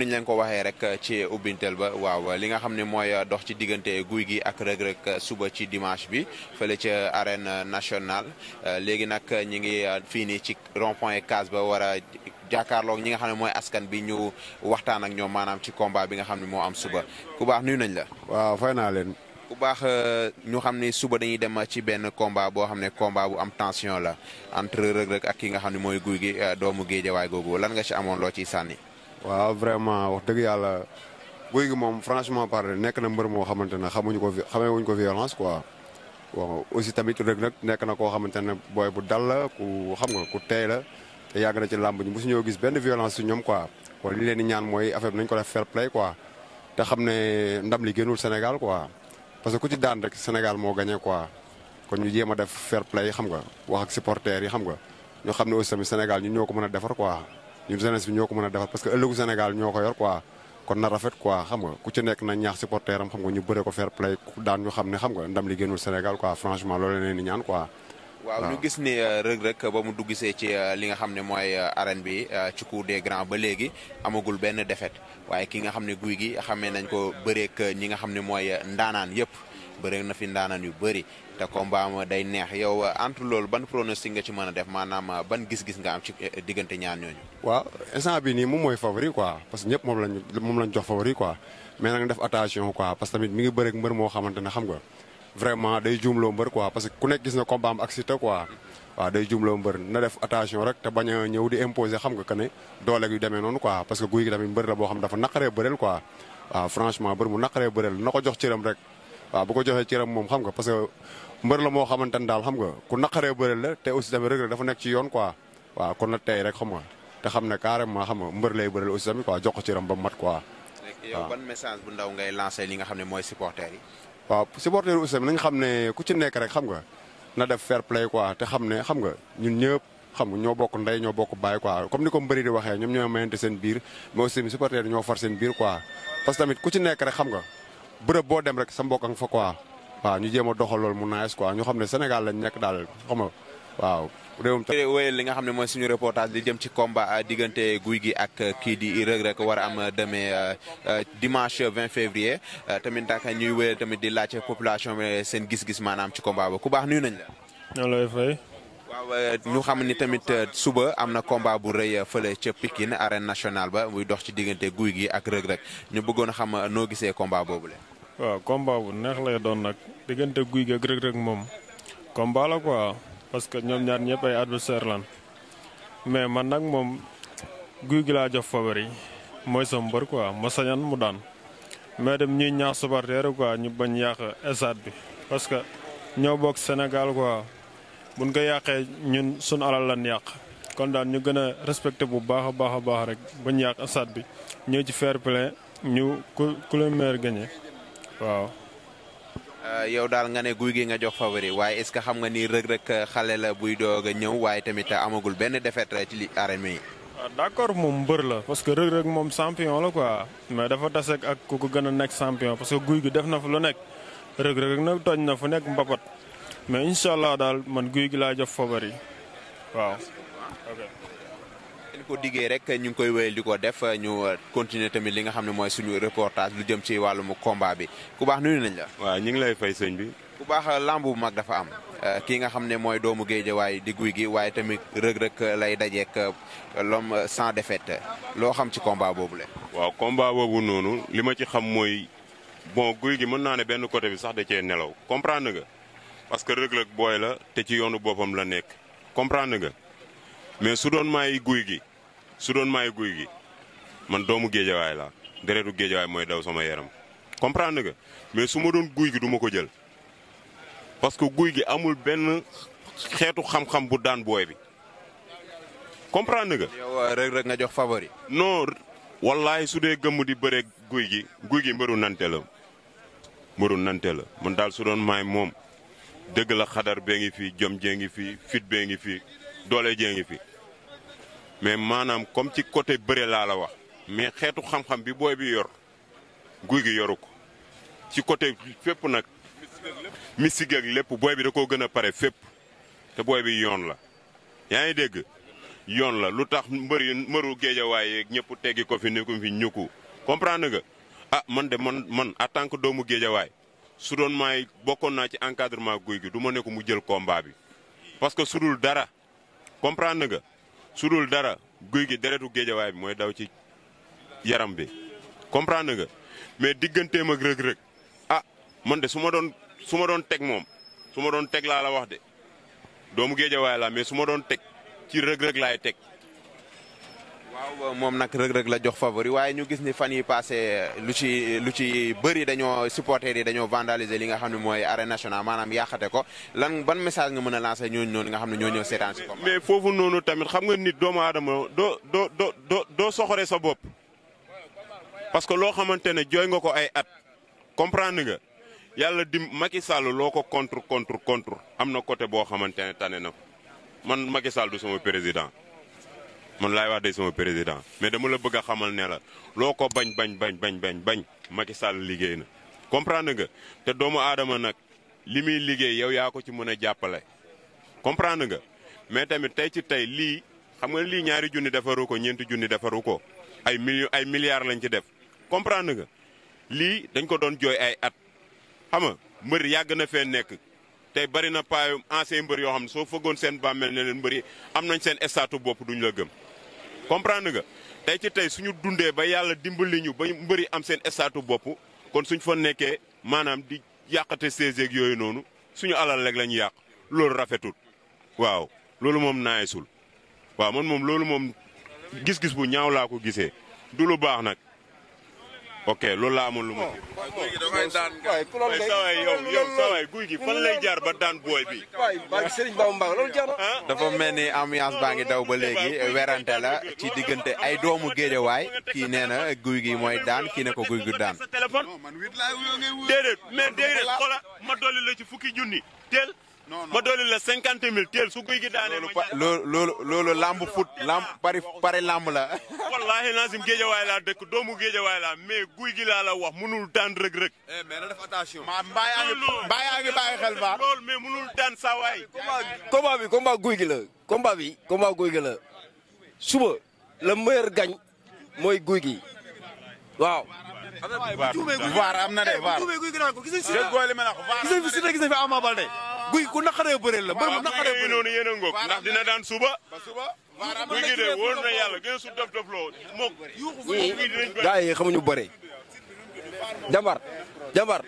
comme niñ leen ko waxee rek ci ubbintel ba waaw li nga xam ne mooy dox ci diggante guy gi ak Reug Reug suba ci dimanche bi fële ca arène nationale euh, léegi nag ñi ngi fii nii ci rond point case ba war a jàkkaarloog ñi nga xam ne mooy askan bi ñu waxtaan ak ñoom maanaam ci combat bi nga xam ne moo am suba ku baax nuyu nañ la. waaw fay naa leen. bu baax euh, ñu xam ni suba dañuy dem ci benn combat boo xam ne combat bu am tension la entre Reug Reug ak ki nga xam ne mooy guy gi euh, doomu géejawaay googu lan nga ci amoon loo ciy sànni. waaw vraiment wax dëgg yàlla guy gi moom franchement parler nekk na mbër moo xamante ne xamuñu ko xamee wuñ ko violence quoi bon aussi tamit rek nag nekk na koo xamante ne booy bu dal la ku xam nga ku teey la te yàgg na ci làmb ñu mosuñoo gis benn violence su ñoom quoi kon li leen di ñaan mooy affaire bi nañ ko def fair play quoi te xam ne ndam li génnul Sénégal quoi parce que ku ci daan rek Sénégal moo gagné quoi kon ñu jéem a def fair play xam nga wax ak supporters yi xam nga ñu xam ne aussi tamit Sénégal ñu ñoo ko mën a defar quoi ñu jeunesse bi ñoo ko mën a defar parce que ëllëgu Sénégal ñoo ko yor quoi kon na rafet quoi xam nga ku ci nekk na ñaax supporter am xam nga ñu bëre ko fair play ku daan ñu xam ne xam nga ndam li génnul Sénégal quoi franchement loolu la leen di ñaan quoi. waaw ñu gis ni euh, Reug Reug ba mu duggisee ci euh, li nga xam ne mooy euh, arène bi ci Cour des Grands ba léegi amagul benn défaite waaye ki nga xam ne guy gi xame nañ ko bëreek ñi nga xam ne mooy ndaanaan yëpp. bëri na fi ndaanan yu bëri te combat ma day neex yow euh, entre loolu ban pronostic nga ci mën a def maanaam euh, ban gis-gis nga am ci euh, diggante ñaar ñooñu. waaw instant bi nii moom mooy favori quoi parce que ñëpp moom lañ moom lañ jox favori quoi mais nag def attention quoi parce que tamit mi ngi bëri ak mbër moo xamante ne xam nga vraiment day juumloo mbër quoi parce ku nekk gis na combat am ak Siteu quoi. waaw day jumloo mbër na def attention rek te bañ a ñëw nga que ne dooleeg noonu quoi parce que boo xam dafa naqaree bëreel quoi waaw franchement mbër mu naqaree jox cëram rek waaw bu ko joxee cëram moom xam nga parce que mbër la moo xamante ne daal xam nga ku naqaree bëri la te aussi tamit Reug Reug dafa nekk ci yoon quoi waaw kon na tey rek xam nga te xam ne carrément xam nga mbër lay bëri la aussi tamit quoi ko cëram ba mat quoi. ndaw ngay lancé li nga xam ne mooy supporters yi. waaw supporters yi aussi tamit nañ ku ci nekk rek xam nga na def fair te xam ne xam nga ñun ñëpp xam nga ñoo bokk bokk baay quoi comme waxee ñoom ñoo mayante seen biir mais aussi supporters yi ñoo far seen biir quoi tamit ku ci nekk rek xam nga bërëb boo dem rek sa mbokk nga fa quoi waaw ñu jéem a doxal loolu mu naes quoi ñu xam ne Sénégal lañ nekk daal xam waaw réewum tam wéyal li nga xam ne mooy suñu reportage li jëm ci combat euh, diggante guy gi ak euh, kii di rëg rek war am euh, demee dimanche 20 février tamit ndax ñuy wéyal tamit di laajte population bi seen gis-gis maanaam ci combat ba ku baax nuyu nañ la. ñoo lay fay. waaw ñu xam ni tamit suba am na combat bu rëy fële ca Pikine arène nationale ba muy dox ci diggante guy gi ak rëg rek ñu bëggoon a xam noo gisee combat boobu la. waaw combat bu neex lay doon nag diggante guy gi ak Reug Reug moom combat la quoi parce que ñoom ñaar ñëpp ay adversaire lan mais man nag moom guy gi laa jox yi mooy sa mbër quoi ma sañan mu daan mais dem ñuy ñaax supporter quoi ñu bañ yàq stade bi parce que ñoo bokk Sénégal quoi buñ ko yàqee ñun suñu alal lan yàq kon daan ñu gën a respecté bu baax a baax a baax rek bañ yàq stade bi ñëw ci fair play ñu ku ku waaw. Euh, yow daal nga ne guy gi nga jox favori waaye est-ce que xam nga nii Reug Reug xale la buy doog a ñëw waaye tamit amagul benn défaite ci li arène yi. waaw ah, moom mbër la parce que Reug Reug moom champion la quoi mais dafa tase ak ku ko gën a nekk champion parce que guy gi def na fu lu nekk Reug Reug na toj na fu nekk mbapat mais incha daal man guy gi laa jox favori waaw. ngeen ko diggee rek ñu ngi koy wéyal di ko def ñu tamit li nga xam ne mooy suñu reportage lu jëm ci wàllum combat bi ku baax nuyu nañ la. waaw ñu ngi lay fay sëñ bi. ku baax euh, lamb bu mag dafa am. Euh, kii nga xam ne mooy doomu géejawaay di guy gi waaye tamit rëg-rëg lay dajeek euh, l'homme sans défaite loo xam ci combat boobu la. waaw combat boobu noonu li ma ci xam mooy bon guy gi mën naa ne benn côté bi sax da cee nelaw comprendre nga parce que rëg-rëg booy la te ci yoonu boppam la nekk comprendre nga mais su doon maay guy gi su doon maay guy gi man doomu géejawaay laa deretu géejawaay mooy daw sama yaram comprendre nga mais su ma doon guy gi duma ko jël parce que guy gi amul benn xeetu xam-xam bu daan booy bi comprendre nga. yow rek euh, rek nga jox favori. non wallaay su dee gëmm di bëre guy gi guy gi mbëru nante la mbëru nante la man daal su doon maay moom dëgg la xadar bee ngi fi jom jee ngi fi fit bee ngi fi doole jee ngi fi. mais maanaam comme ci côté bëre laa la wax mais xeetu xam-xam bi booy bi yor guy gi yoru ko ci côté fépp nag. mystique ak lépp booy bi da koo gën a pare fépp te booy bi yoon la yaa ngi dégg yoon la lu tax mbër yu mbëru géejawaay yeeg ñëpp teggi ko fi nekkum fi ñukku comprendre nga ah man de man man en tant que doomu géejawaay su doon may bokkoon naa ci encadrement guy gi du ma ne ko mu jël combat bi parce que sudul dara comprendre nga su dul dara guy gi deretu géejawaay bi mooy daw ci yaram bi comprendre nga mais digganteem ak rëg-rëg ah man de su ma doon su ma doon teg moom su ma doon teg laa la wax de doomu géejawaay laa mais su ma doon teg ci rëg-rëg laay teg waaw moom nag rëg-rëg la jox favori waaye ñu gis ni fan yi passé lu ci lu ci bëri dañoo supporter yi dañoo vandaliser li nga xam ne mooy arène nationale maanaam yàqate ko lan ban message nga mën a lancer ñooñ noonu nga xam ne ñoo ñëw seetaan si ko mais foofu noonu tamit xam nga nit doomu aadama doo doo doo doo doo soxore sa bopp parce que loo xamante ne jooy nga ko ay at comprendre nga yàlla di Macky loo ko contre contre contre am na côté boo xamante ne tane na man Macky Sall du sama président laay Laye Wade sama président mais dama la bëgg a xamal ne la loo ko bañ bañ bañ bañ bañ bañ Macky Sall liggéey na comprendre nga te doomu aadama nag li muy liggéey yow yaa ko ci mën a jàppale comprendre nga mais tamit tey ci tey lii xam nga lii ñaari junni defaru ko ñeenti junni defaru ko ay million ay milliards lañ ci def comprendre nga lii dañ ko doon jooy ay at xam mbër yàgg na fee nekk tey bari na paayu ancien mbër yoo xam ne soo fëggoon seen bàmmeel ne leen mbër am nañ seen estatu bopp duñ la gëm comprendre nga tey ci tey suñu dundee ba yàlla dimbali ñu ba mbëri am seen statut bopp kon suñ fa nekkee maanaam di yàqate seeseeg yooyu noonu suñu alal rek la ñu yàq loolu rafetul waaw loolu moom naayisul waaw man moom loolu moom gis-gis bu ñaaw laa ko gisee du lu baax nag. ok loolu laa amoon lu ma. guy gi da waay ku loolu yow guy gi fan lay jaar ba daan booy bi. waay waay Serigne Bamba Mbacké loolu jaar ah? dafa mel ni ambiance baa ngi daw ba léegi werante la ci diggante ay doomu géejawaay kii nee na guy gi mooy daan kii ne ko guy gu daan. déedéet mais déedéet xoola ma dolli la ci fukki junni teel. ma dolli la cinquante mille teel su guy gi daanee. loolu loolu loolu lamb foot pari pare lamb la. wallaahi Nazim géejawaay laa dëkk doomu géejawaay laa mais guy gi laa la wax mënul daan rëg rëg. Eh, mais na def xel ba. loolu mais mënul daan saa waay. combat bi guy gi la combat bi guy gi suba le meilleur gagne guy gi waaw. am na vaar am na de eh, vaar. gis nañ fi Ama Baldé guy ku naqaree bëreel la mbër mu naqaree bëreel noonu yéen a ngoog ndax dina daan suba guy gi de wóor na yàlla gën su dof dof loo mook gaa yi xamuñu bëre jambar jambar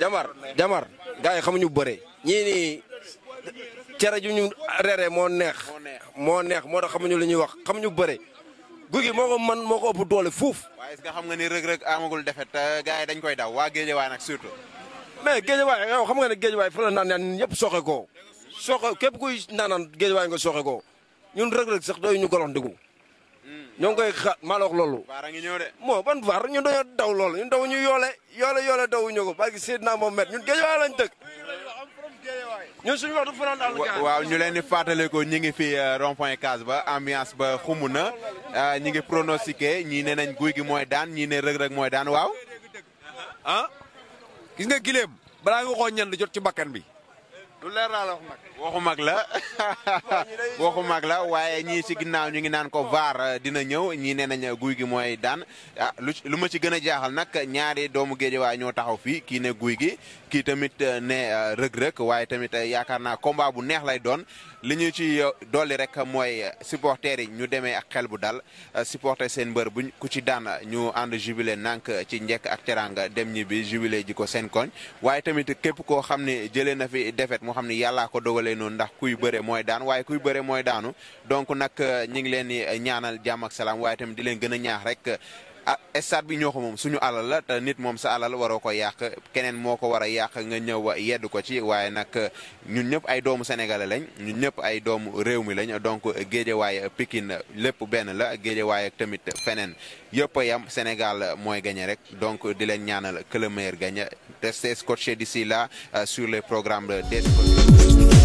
jambar jambar gaa yi xamuñu bëre ñii nii cere ju ñu reere moo neex moo neex moo tax xamuñu li ñuy wax xamuñu bëre guy gi moo ko man moo ko ëpp doole fuuf waaye est-ce que xam nga ni rëg-rëg amagul defet gars yi dañ koy daw waa géejewaay nag surtout mais géejawaay yow xam nga ne géejawaay fa la naan naan ñëpp sooxe koo sooxe képp kuy naanaan géejawaay nga sooxe ko ñun Reug Reug sax doy ñu golox ndigu ñoo ngi koy xa maa la wax loolu moo ban vaar ñun dañoo daw loolu ñun daw ñu yoole yoole yoole daw ñu ko parce na moom Mohamed ñun géejawaay lañ dëkk ñun suñu waxtu waaw ñu leen di fàttali ko ñi ngi fi euh, rond point case ba ambiance ba xumu na euh, ñi ngi pronostiqué ñii ne nañ guy gi mooy daan ñii ne Reug Reug mooy daan waaw ah gis nga giléem balaa nga koo ñan jot ci bàkkan bi. lu leer waxu mag la waxu mag la waaye ñii ci ginnaaw ñu ngi naan ko vaar euh, dina ñëw ñii nee nañ euh, guy gi mooy daan ah lu ma ci gën a jaaxal nag ñaari doomu géejewaay ñoo taxaw fii kii ne guy gi kii tamit eh, ne eh, rëg-rëg waaye tamit eh, yaakaar naa combat bu neex lay doon li ñu ci dolli rek mooy supporters yi ñu demee ak xel bu dal supporter seen mbër buñ ku ci daan ñu ànd jubilé nank ci njekk ak teranga dem ñi bi jubilé ji ko seen koñ waaye tamit képp koo xam ne jëlee na fi defet moo xam ne yàllaa ko dogalee noonu ndax kuy bëre mooy daan waaye kuy bëre mooy daanu donc nag ñi ngi leen di ñaanal jàmm ak salaam waaye tamit di leen gën a ñaax rek Ah, stade bi ñoo ko moom suñu alal la te nit moom sa alal waroo ko yàq keneen moo ko war a yàq nga ñëw yedd ko ci waaye nag ñun ñëpp ay doomu sénégalais lañ ñun ñëpp ay doomu réew mi lañ donc géejawaay Pikine lépp benn la géejawaay ak tamit feneen yëpp yam Sénégal mooy gagné rek donc di leen ñaanal que le meilleur gagne restez scotchés si la euh, sur les programmes des sports